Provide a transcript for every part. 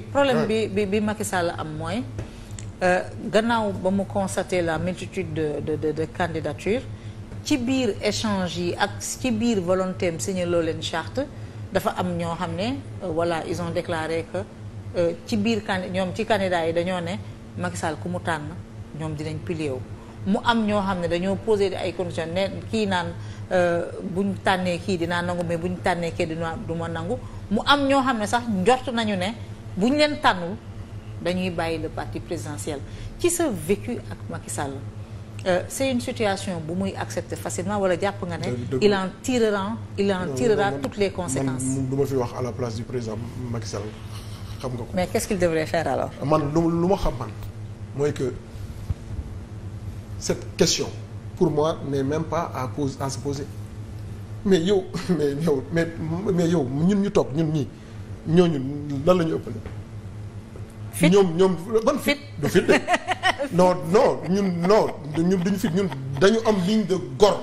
problème bi bi bi Macky Sall am mooy euh, gannaaw ba mu constater la multitude de de de, de candidatures ci biir échange yi ak ci biir volonté am signé loo leen charte dafa am ñoo xam ne euh, voilà ils ont déclaré que euh, ci biir can ñoom ci candidat yi dañoo ne Macky Sall ku mu tànn ñoom dinañ pilier wu mu am ñoo xam ne dañoo posé ay conditions ne kii naan buñ tànnee kii dinaa nangu mais buñ tànnee kii dinaa ma nangu mu am ñoo xam ne sax njort nañu ne bu ñu leen tànnul dañuy bàyyi le parti présidentiel ci sa vécu ak Macky Sall euh, c'est une situation bu muy accepter facilement wala jàpp nga ne euh, il en tirera il en tirera toutes les conséquences man ma fi wax à la place du président Macky Sall xam nga ko mais qu'est-ce qu'il devrait faire alors man lu lu ma mooy que cette question pour moi n'est même pas à pose à se poser mais yow mais yow mais mais yow ñun ñu toog ñun ñi ñoo ñooñu lan la ñu ëppale. fit ñoom ñoom ban fit. du fit de non non ñun non ñun duñu fit ñun dañu am ligne de gor.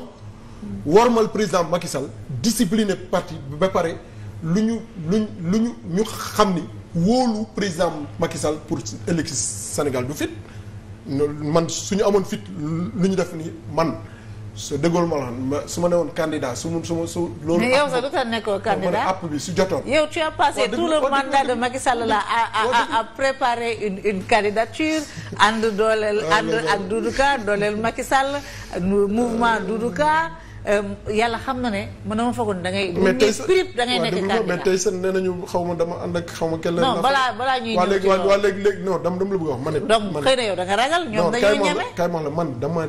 wormal président Macky Sall discipliné parti ba pare lu ñu luñ lu ñu ñu xam ni wóolu président Macky Sall pour élection Sénégal du fit man su ñu amoon fit lu ñu def nii man. su dëggool ma la su ma ne woon candidat su ma su ma su. loolu mais nekkoo candidat app bi su jotoon. yow tu as passé tout le mandat de Macky Sall là a à préparer une une candidature ànd dooleel ànd ak Doudou Ka dooleel Macky Sall mouvement Doudou Ka euh, yàlla xam na ne man dama foogoon da ngay. mais tey sax da ngay nekk candidat mais tey sax nañu xaw ma dama ànd ak xaw ma. kenn non balaa balaa ñuy ñëw dama dama la bëgg a wax. ma ne donc xëy na yow da nga ragal. ñoom dañoo ñeme non kay ma man dama.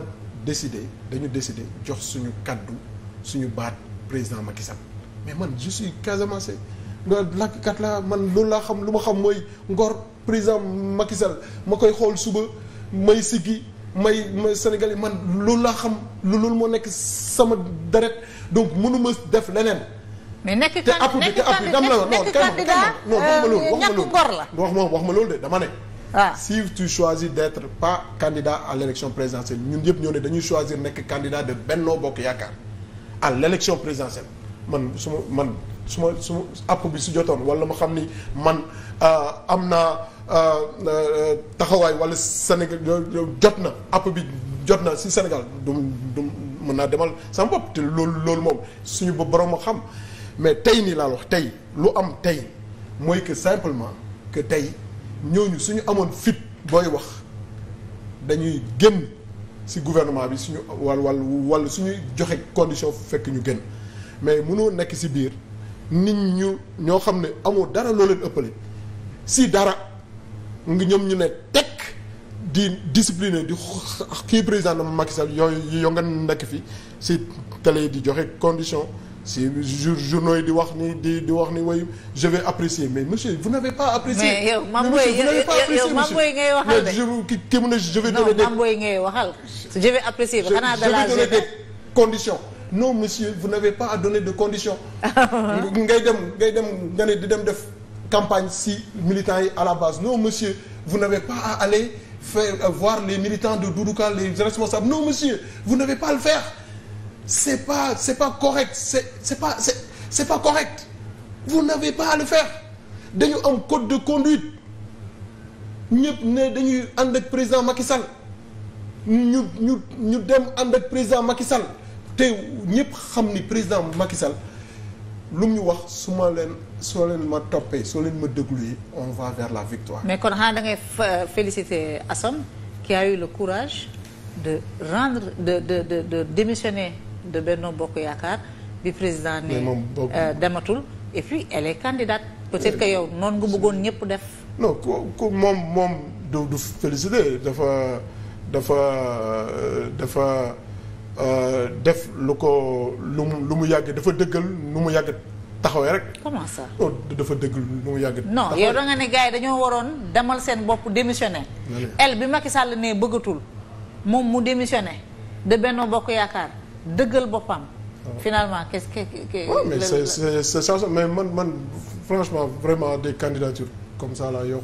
décidé dañu décidé jox suñu kaddu suñu baat président Macky Sall mais man je suis Casamance nga làkkat laa man loolu laa xam lu ma xam mooy ngor président Macky Sall ma koy xool suba may siggi may may Sénégal yi man loolu laa xam lu loolu moo nekk sama deret donc mënuma def leneen. mais nekk kan nekk candidat te appui te appui dama la non non euh, wax ma loolu wax ma loolu wax ma loolu de dama ne. ah si tu choisis d'être pas candidat à l'élection présidentielle ñun yëpp ñoo ne dañuy choisir nekk candidat de Benno Bokk Yaakaar à l'élection présidentielle man su ma man su ma su ma app bi su jotoon wala ma xam ni man euh, am naa euh, euh, taxawaay wala Sénégal jot na app bi jot na si Sénégal du du mën naa demal sama bopp te loolu loolu moom suñu ba borom a xam mais tey nii laa wax tey lu am tey mooy que simplement que tey. ñooñu suñu amoon fit booy wax dañuy génn si gouvernement bi suñu wal wàll wàll suñuy joxe condition fekk ñu génn mais mënoo nekk si biir nit ñu ñoo xam ne amoo dara loo leen ëppale si dara ngi ñoom ñu ne tekk di discipliné di kii président Macky Sall yooyu yo nga nekk fi ci télé di joxe condition si journaux yi di wax ni di wax ni way je vais apprécier mais monsieur vous n'avez pas apprécié. mais yow Mame Boye yow ngay waxal de mais ki mu je vais. non je vais apprécier de la non monsieur vous n'avez pas à donner de conditions. ngay dem ngay dem nga ne di dem def campagne si militants yi à la base non monsieur vous n'avez pas à aller faire voir les militants de Doudou Ka les responsables non monsieur vous n'avez pas à le faire. c'est pas c'est pas correct c'est c'est pas c'est c'est pas correct vous n'avez pas à le faire dañu am code de conduite ñëpp ne dañuy ànd ak président Macky Sall ñu ñu ñu dem ànd ak président Macky Sall te ñëpp xam ni président Macky Sall lu mu ñu wax su ma leen soo leen ma toppee soo leen ma dégluwee on va vers la victoire. mais kon xanaa da ngay féliciter Assome qui a eu le courage de rendre de de de de démissionner. de Benno Bokk Yaakaar bi président ne euh, dematul et puis elle est peut-être que yow noonu nga bëggoon ñëpp def non ku moom moom du du félicité dafa dafa dafa euh, def lu ko lu mu lu mu yàgg dafa dëggal lu mu yàgg taxawee rek. comment dafa dëgg lu mu yàgg. non yow da ne gars yi dañoo waroon demal seen bokk démissionné. el bi Macky Sall ne bëggatul moom mu démissionné de Benno Bokk Yaakaar. dëggal boppam. finalement qu'est-ce que. waaw c'est c'est man man franchement vraiment des candidatures comme ça la yow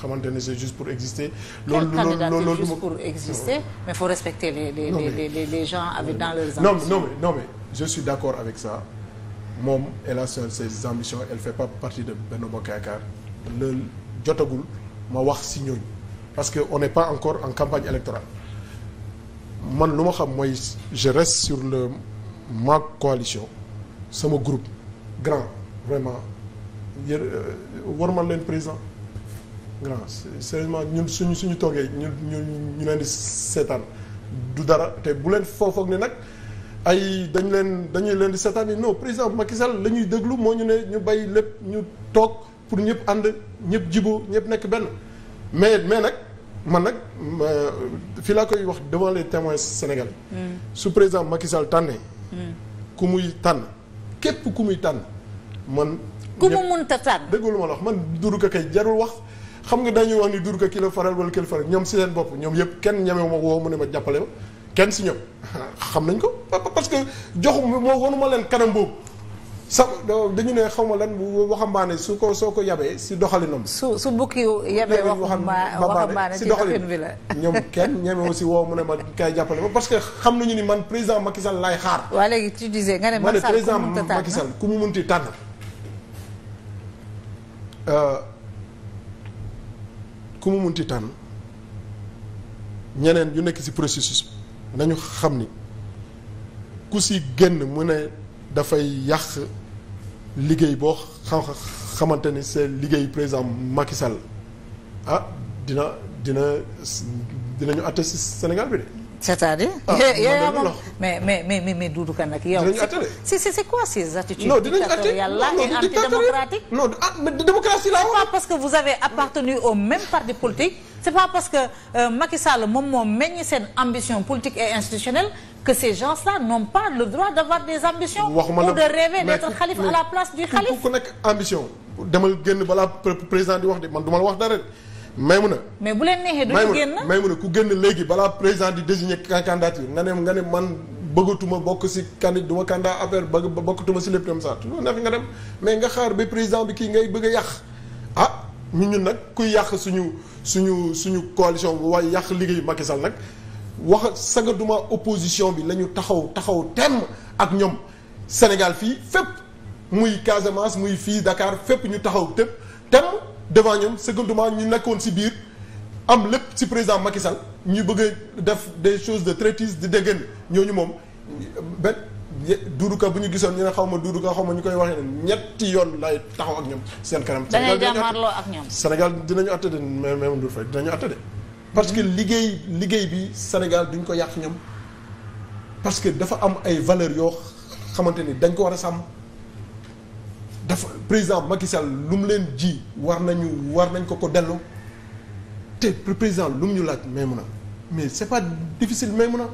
xamante ne c'est juste pour exister. loolu loolu loolu loolu juste pour exister mais faut respecter les les les les gens avec dans leurs ambitions. non non mais je suis d'accord avec ça moom elle se ses ambitions elle fait partie de Benno Bokk Yaakaar le jotagul ma wax si ñooñu parce que on n'est pas encore en campagne électorale. man lu ma xam mooy je reste sur le ma coalition sama groupe grand vraiment yë euh, warmal leen président grand sérieusement ñun suñu suñu toogee ñu ñu ñu leen di seetaan du dara te bu leen foofoog ni nag ay dañu leen dañuy leen di seetaan yi non président Macky Sall la ñuy déglu moo ñu ne ñu bàyyi lépp ñu toog pour ñëpp ànd ñëpp jiboo ñëpp nekk benn mais mais nag man nag fii laa koy wax devant les témoins mm. su président Macky Sall tànnee. Mm. ku muy tànn képp ku muy tànn man. ku mu munta tànn déggu lu ma la wax man Doudou Ka kay jarul wax. xam nga dañuy wax ni Doudou Ka kii la faral wala kii faral ñoom si leen bopp ñoom yëpp kenn ñamewu ma woo mu ne ma jàppale ma kenn si ñoom xam nañ ko pa parce que jox ma wonu ma leen kanam boobu. sax dañu ne xaw ma lan waxambaane su ko soo ko yabee si doxalinam. su su bukki yabee waxambaane si doxalin bi la ñoom kenn ñeme si woo mu ne ma kay jàppale ma parce que xam nañu ni man président Macky Sall laay xaar. waaw léegi tu ne man président Macky Sall ku mu munti tànn. Euh, ku mu munti tànn ñeneen ñu nekk si processus nañu xam ni ku si génn mu ne. dafay yàq liggéey boo xam xamante ni c'est liggéey président Macky Sall ah dina dina dinañu atte si Sénégal bi de. c'est-à-dire. Ah, mais mais mais mais Doudou Ka nag yow. c'est quoi ces attitudes. non dinañu atte et antidémocratique. non ah la c'est pas parce que vous avez appartenu au même parti politique. c'est pas parce que euh, Macky Sall moom moo meññ seen politique et institutionnelle. que ces gens de rêver d'être xalif à la place du xalif. ku nekk ambition demal génn balaa président di wax de man du ma wax dara may mun a. mais bu leen neexee duñu génn may mun génn léegi balaa président di désigner candidature nga ne ne man bëggatuma bokk si candidat du ma candidat affaire bëgg bokkatuma si lépp dem saa loolu neex nga dem mais nga xaar ba président bi kii ngay bëgg a yàq ah ñu ñun nag kuy yàq suñu suñu suñu coalition waaye yàq liggéeyu Macky Sall nag. wax sagaduma opposition bi lañu taxaw taxaw temm ak ñoom Sénégal fii fépp muy Casamance muy fii dakaar fépp ñu taxaw tépp temm devant ñoom sagaduma ñu nekkoon ci biir am lépp ci président Macky Sall ñu bëgg a def des choses de traîtrise di déggan ñooñu moom benn duuduka bu ñu gisoon ñu ne xaw ma duuduka xaw ma ñu koy waxee ne ñetti yoon lay taxaw ak ñoom seen kanam. da ngay jàmmarloo ak ñoom Sénégal dinañu àtte de mais même Ndour àtte de parce que liggéey liggéey bi Sénégal duñ ko yàq ñoom parce que dafa am ay valeur yoo xamante ni dañ ko war a sàmm dafa président Macky Sall lu mu leen ji war nañu war nañ ko ko dellu te président lu mu ñu laaj may mun a mais c'est pas difficile may mun a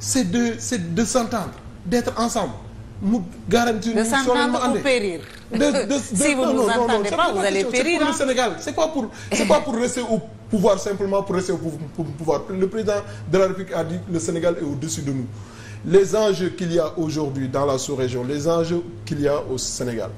c'est de c'est de s'entendre d'être ensemble mu garantir une mission de périr. De, de, si vous ne nous entendez pas, vous allez périr. C'est pour le Sénégal. C'est quoi pour, c'est quoi pour rester au pouvoir simplement pour rester au pouvoir. Le président de la République a dit le Sénégal est au-dessus de nous. Les enjeux qu'il y a aujourd'hui dans la sous les enjeux qu'il y a au Sénégal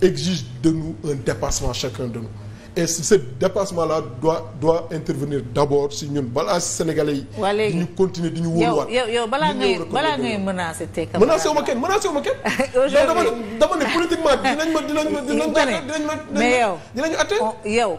exigent de nous un dépassement chacun de nous. et ce dépassement là doit doit intervenir d'abord si ñun balaa Sénégalais yi. waa léegi ñu continuer di ñu wóoluwaat. yow yow balaa ngay balaa ngay menacé tey. menacé wu ma kenn menacé wu ma kenn. dama ne dama ne politiquement dinañ ma dinañ ma dinañ ma dinañ ma dinañ ma dinañ ma atte yow.